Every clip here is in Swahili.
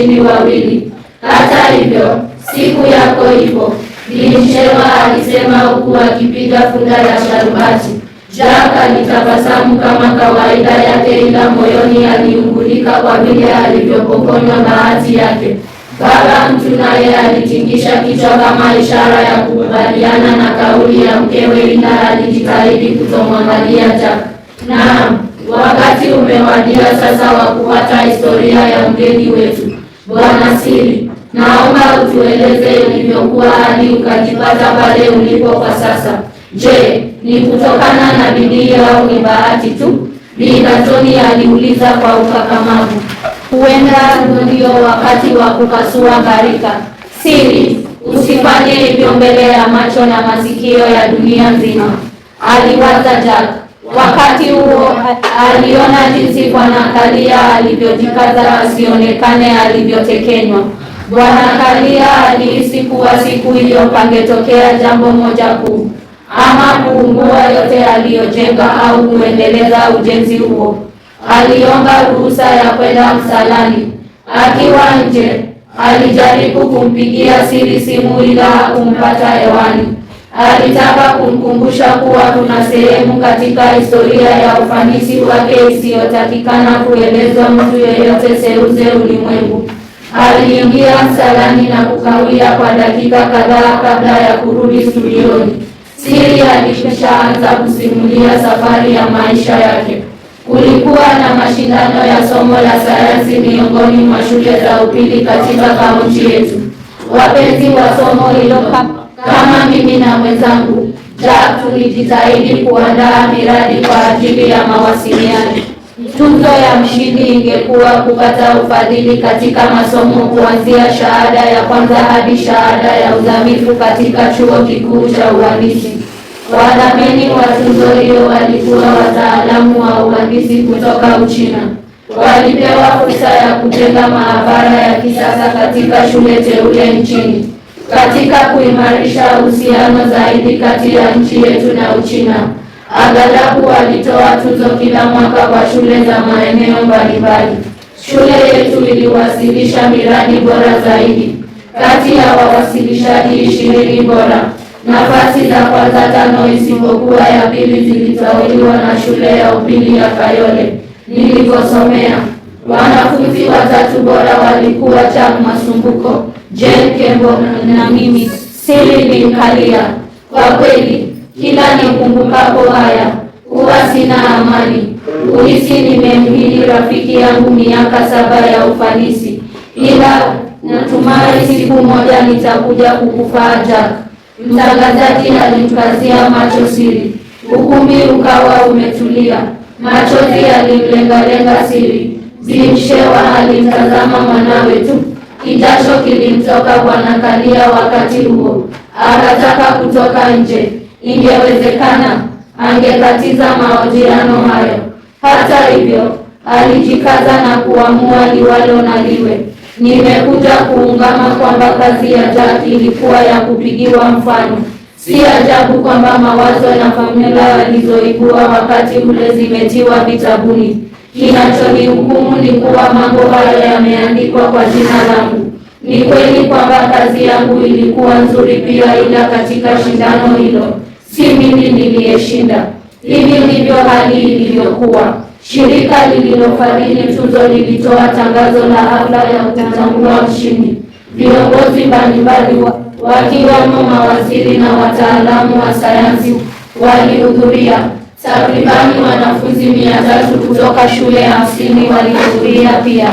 chini wawili. Hata hivyo siku yako ipo, Bilishewa alisema huku akipiga funda ya sharubati. Jaka alitabasamu kama kawaida yake, ila moyoni aliungulika kwa vile alivyopokonywa bahati yake. Baba mtu naye alitingisha kichwa kama ishara ya kukubaliana na kauli ya mkewe, ila alijitahidi kutomwangalia Jaka. Naam, wakati umewadia sasa wa kupata historia ya mgeni wetu. Bwana siri naomba utueleze ulivyokuwa hadi ukajipata pale ulipo kwa sasa. Je, ni kutokana na bidii au ni bahati tu? Bi aliuliza kwa ukakamavu. Huenda ndio wakati wa kupasua gharika. Siri, usifanye hivyo mbele ya macho na masikio ya dunia nzima, aliwaza Jack. Wakati huo aliona jinsi Bwana Kalia alivyojikaza asionekane alivyotekenywa. Bwana Kalia alihisi kuwa siku hiyo pangetokea jambo moja kuu, ama kuungua yote aliyojenga au kuendeleza ujenzi huo. Aliomba ruhusa ya kwenda msalani. Akiwa nje, alijaribu kumpigia siri simu ila hakumpata hewani. Alitaka ah, kumkumbusha kuwa kuna sehemu katika historia ya ufanisi wake isiyotakikana kuelezwa mtu yeyote seuze ulimwengu. Aliingia msalani na kukawia kwa dakika kadhaa kabla ya kurudi studioni. Siri alishaanza kusimulia safari ya maisha yake. Kulikuwa na mashindano ya somo la sayansi miongoni mwa shule za upili katika kaunti yetu. Wapenzi wa somo hilo kama mimi na mwenzangu ja tulijitahidi kuandaa miradi kwa ajili ya mawasiliano, tuzo ya mshindi ingekuwa kupata ufadhili katika masomo kuanzia shahada ya kwanza hadi shahada ya uzamifu katika chuo kikuu cha uhandisi. Wadhamini wa tuzo hiyo walikuwa wataalamu wa uhandisi kutoka Uchina. Walipewa fursa ya kujenga maabara ya kisasa katika shule teule nchini katika kuimarisha uhusiano zaidi kati ya nchi yetu na Uchina. Aghalabu walitoa tuzo kila mwaka kwa shule za maeneo mbalimbali. Shule yetu iliwasilisha miradi bora zaidi kati ya wawasilishaji ishirini bora. Nafasi za kwanza tano isipokuwa ya pili zilitawaliwa na shule ya upili ya Kayole nilivyosomea. Wanafunzi watatu bora walikuwa Jack Masumbuko, Jane Kembo na mimi Sili bin Kalia. Kwa kweli kila nikumbukapo haya huwa sina amani, uhisi nimemhili rafiki yangu miaka saba ya ufanisi, ila natumai siku moja nitakuja kukufaa Jack. Mtangazaji alimkazia macho siri ukumbi ukawa umetulia. Machozi yalimlengalenga siri Zimshewa alimtazama mwanawe tu, kijasho kilimtoka Bwana Kalia. Wakati huo akataka kutoka nje, ingewezekana angekatiza mahojiano hayo. Hata hivyo, alijikaza na kuamua liwalo na liwe. Nimekuja kuungama kwamba kazi ya Jack ilikuwa ya kupigiwa mfano. Si ajabu kwamba mawazo na familia walizoibua wakati ule zimetiwa vitabuni. Kinachonihukumu ni kuwa mambo hayo yameandikwa kwa jina langu. Ni kweli kwamba kazi yangu ilikuwa nzuri pia, ila katika shindano hilo si mimi niliyeshinda. Hivi ndivyo hali ilivyokuwa. Shirika lililofadhili tuzo lilitoa tangazo la hafla ya kutambua mshindi. Viongozi mbalimbali wakiwamo mawaziri na wataalamu wa sayansi walihudhuria. Takribani wanafunzi mia tatu kutoka shule hamsini walihudhuria pia.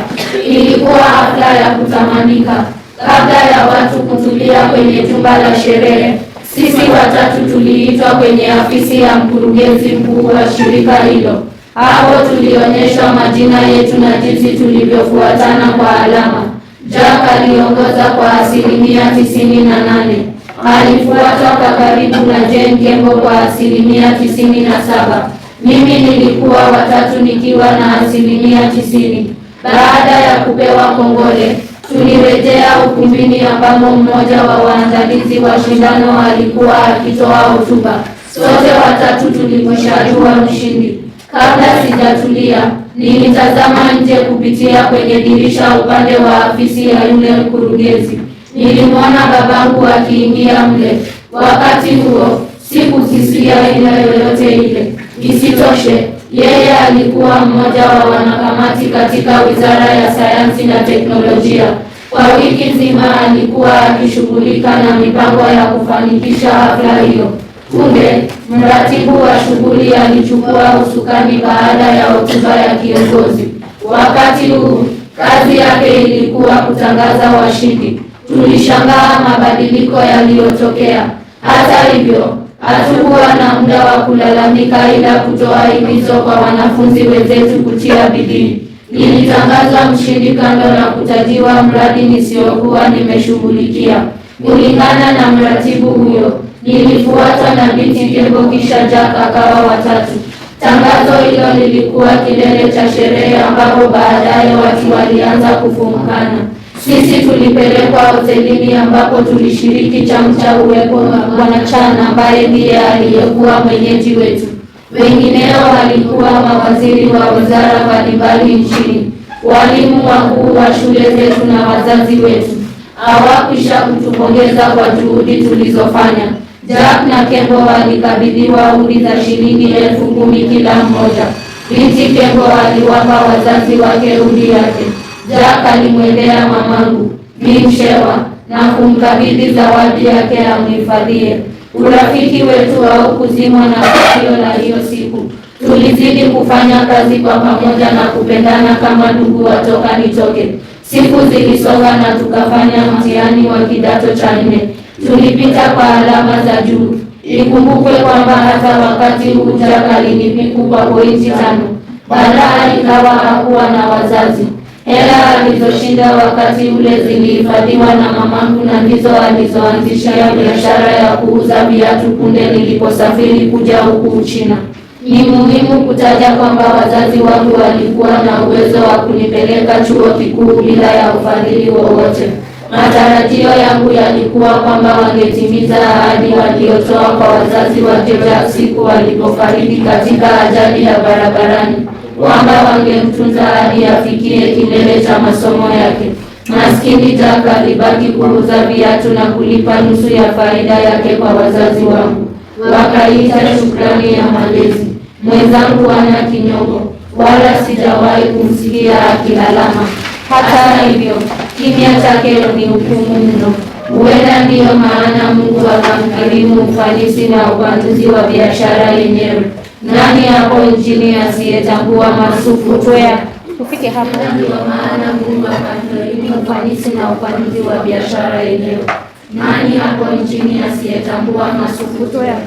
Ilikuwa hafla ya kutamanika. Kabla ya watu kutulia kwenye jumba la sherehe, sisi watatu tuliitwa kwenye afisi ya mkurugenzi mkuu wa shirika hilo. Hapo tulionyeshwa majina yetu na jinsi tulivyofuatana kwa alama. Jack aliongoza kwa asilimia tisini na nane alifuata kwa karibu na Jane Gengo kwa asilimia tisini na saba. Mimi nilikuwa watatu nikiwa na asilimia tisini. Baada ya kupewa kongole, tulirejea ukumbini ambamo mmoja wa waandalizi wa shindano alikuwa akitoa hotuba. Sote watatu tulimshajua mshindi. Kabla sijatulia, nilitazama nje kupitia kwenye dirisha upande wa afisi ya yule mkurugenzi. Nilimwona babangu akiingia mle. Wakati huo sikukisia ila yoyote ile. Isitoshe, yeye alikuwa mmoja wa wanakamati katika Wizara ya Sayansi na Teknolojia. Kwa wiki nzima alikuwa akishughulika na mipango ya kufanikisha hafla hiyo. Kumbe mratibu wa shughuli alichukua usukani baada ya hotuba ya kiongozi. Wakati huu kazi yake ilikuwa kutangaza washindi tulishangaa mabadiliko yaliyotokea. Hata hivyo, hatukuwa na muda wa kulalamika, ila kutoa himizo kwa wanafunzi wenzetu kutia bidii. Nilitangazwa mshindi kando na kutajiwa mradi nisiokuwa nimeshughulikia. Kulingana na mratibu huyo, nilifuatwa na binti Kembo, kisha Jack akawa watatu. Tangazo hilo lilikuwa kilele cha sherehe, ambapo baadaye watu walianza kufumukana. Sisi tulipelekwa hotelini ambapo tulishiriki chamcha uwepo wa Bwana Chan ambaye ndiye aliyekuwa mwenyeji wetu. Wengineo walikuwa mawaziri wa wizara mbalimbali nchini, walimu wakuu wa shule zetu na wazazi wetu. Hawakwisha kutupongeza kwa juhudi tulizofanya. Jack na Kembo walikabidhiwa udi za shilingi elfu kumi kila mmoja. Binti Kembo aliwapa wazazi wake udi yake. Jaka alimwendea mamangu Binshewa na kumkabidhi zawadi yake amhifadhie. Urafiki wetu kuzimwa na tukio la hiyo siku. Tulizidi kufanya kazi kwa pamoja na kupendana kama ndugu watoka nitoke. Siku zilisonga na tukafanya mtihani wa kidato cha nne. Tulipita kwa alama za juu. Ikumbukwe kwamba hata wakati huu Jaka alinipiku kwa pointi tano. Baadaye ikawa hakuwa na wazazi. Hela alizoshinda wakati ule zilihifadhiwa na mamangu na ndizo alizoanzishia biashara ya kuuza viatu punde niliposafiri kuja huku Uchina. Ni muhimu kutaja kwamba wazazi wangu walikuwa na uwezo wa kunipeleka chuo kikuu bila ya ufadhili wowote. Matarajio yangu yalikuwa kwamba wangetimiza ahadi waliotoa kwa wazazi wa Jacob siku walipofariki katika ajali ya barabarani kwamba wangemtunza hadi afikie kilele cha masomo yake. Maskini Jack alibaki kuuza viatu na kulipa nusu ya faida yake kwa wazazi wangu, wakaita shukrani ya malezi. Mwenzangu ana kinyongo, wala sijawahi kumsikia akilalama. Hata hivyo kimya chake ni hukumu mno. Huenda ndiyo maana Mungu akamkirimu ufanisi na upanuzi wa biashara yenyewe. Nani hapo nchini asiyetambua masufu twea? Tufike hapo wa maana ngumu mafanikio, ufanisi na upanuzi wa biashara yenyewe. Nani hapo nchini asiyetambua masufu twea?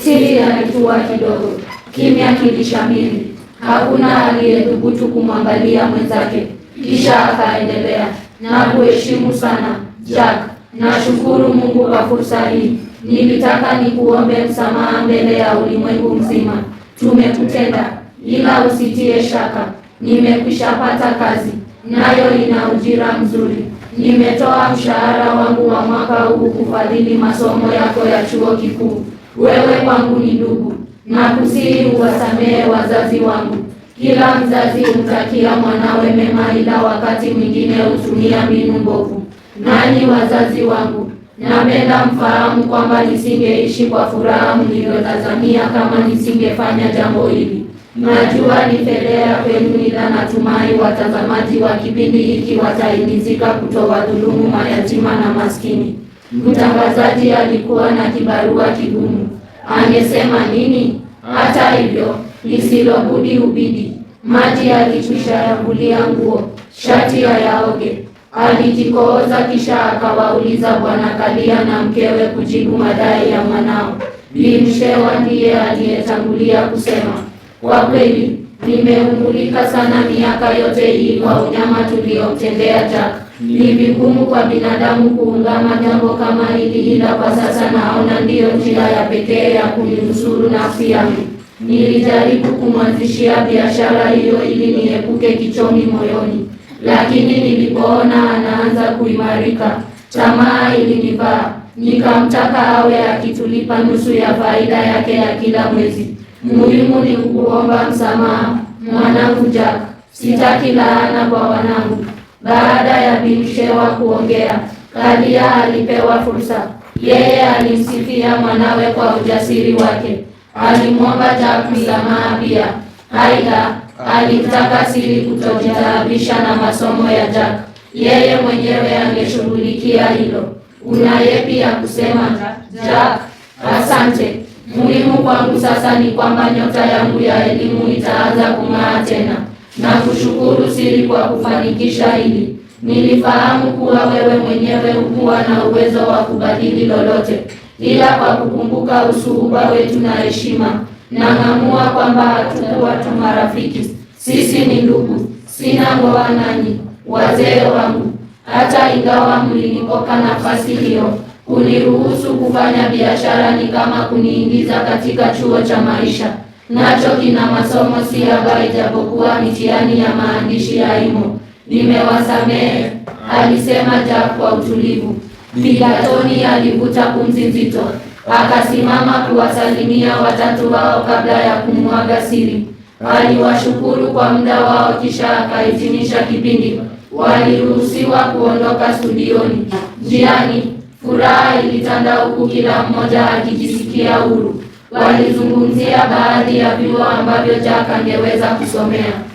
Siri alitua kidogo, kimya kilishamili. Hakuna aliyethubutu kumwangalia mwenzake. Kisha akaendelea na kuheshimu sana Jack, nashukuru Mungu kwa fursa hii. Nilitaka nikuombe msamaha mbele ya ulimwengu mzima tumekutenda, ila usitie shaka. Nimekwishapata kazi, nayo ina ujira mzuri. Nimetoa mshahara wangu wa mwaka huu kufadhili masomo yako ya chuo kikuu. Wewe kwangu ni ndugu, na kusihi uwasamehe wazazi wangu. Kila mzazi humtakia mwanawe mema, ila wakati mwingine hutumia mbinu mbovu. Nanyi wazazi wangu na mfahamu kwamba nisingeishi kwa furaha mliyotazamia kama nisingefanya jambo hili. Najua ni fedheha kwenu, ila natumai watazamaji wa kipindi hiki wataidhika kutowadhulumu mayatima na maskini. Mtangazaji alikuwa na kibarua kigumu, angesema nini? Hata hivyo lisilobudi ubidi. Maji yalikwisha yangulia nguo, shati hayaoge Alijikooza kisha akawauliza Bwana Kalia na mkewe kujibu madai ya mwanao. Binshewa ndiye aliyetangulia kusema, kwa kweli nimeumulika sana miaka yote hii kwa unyama tuliomtendea Jack. Ni vigumu kwa binadamu kuungama jambo kama hili, ila kwa sasa naona ndiyo njia ya pekee ya kuinusuru nafsi yangu. Nilijaribu kumwanzishia biashara hiyo ili niepuke kichomi moyoni lakini nilipoona anaanza kuimarika, tamaa ilinivaa, nikamtaka awe akitulipa nusu ya faida yake ya kila mwezi. Muhimu ni kuomba msamaha. Mwanangu Jack, sitaki laana kwa wanangu. Baada ya bilshewa kuongea, Kalia alipewa fursa. Yeye alimsifia mwanawe kwa ujasiri wake, alimwomba Jack msamaha pia. Aidha, alitaka siri kutojitaabisha na masomo ya Jack. Yeye mwenyewe angeshughulikia hilo. Unaye pia kusema Jack, asante. Muhimu kwangu sasa ni kwamba nyota yangu ya elimu itaanza kung'aa tena. Na kushukuru siri kwa kufanikisha hili. Nilifahamu kuwa wewe mwenyewe hukuwa na uwezo wa kubadili lolote, ila kwa kukumbuka usuhuba wetu na heshima na kwamba hatukuwa tu marafiki, sisi ni ndugu. Sina ngoa nanyi, wazee wangu, hata ingawa mlinipoka nafasi hiyo kuniruhusu kufanya biashara ni kama kuniingiza katika chuo cha maisha, nacho kina masomo si haba, ijapokuwa mitihani ya maandishi yaimo. Nimewasamehe, alisema Jack kwa utulivu. Bigatoni alivuta pumzi nzito. Akasimama kuwasalimia watatu wao kabla ya kumwaga siri. Aliwashukuru kwa muda wao, kisha akahitimisha kipindi. Waliruhusiwa kuondoka studioni. Njiani furaha ilitanda, huku kila mmoja akijisikia huru. Walizungumzia baadhi ya vyuo ambavyo Jack angeweza kusomea.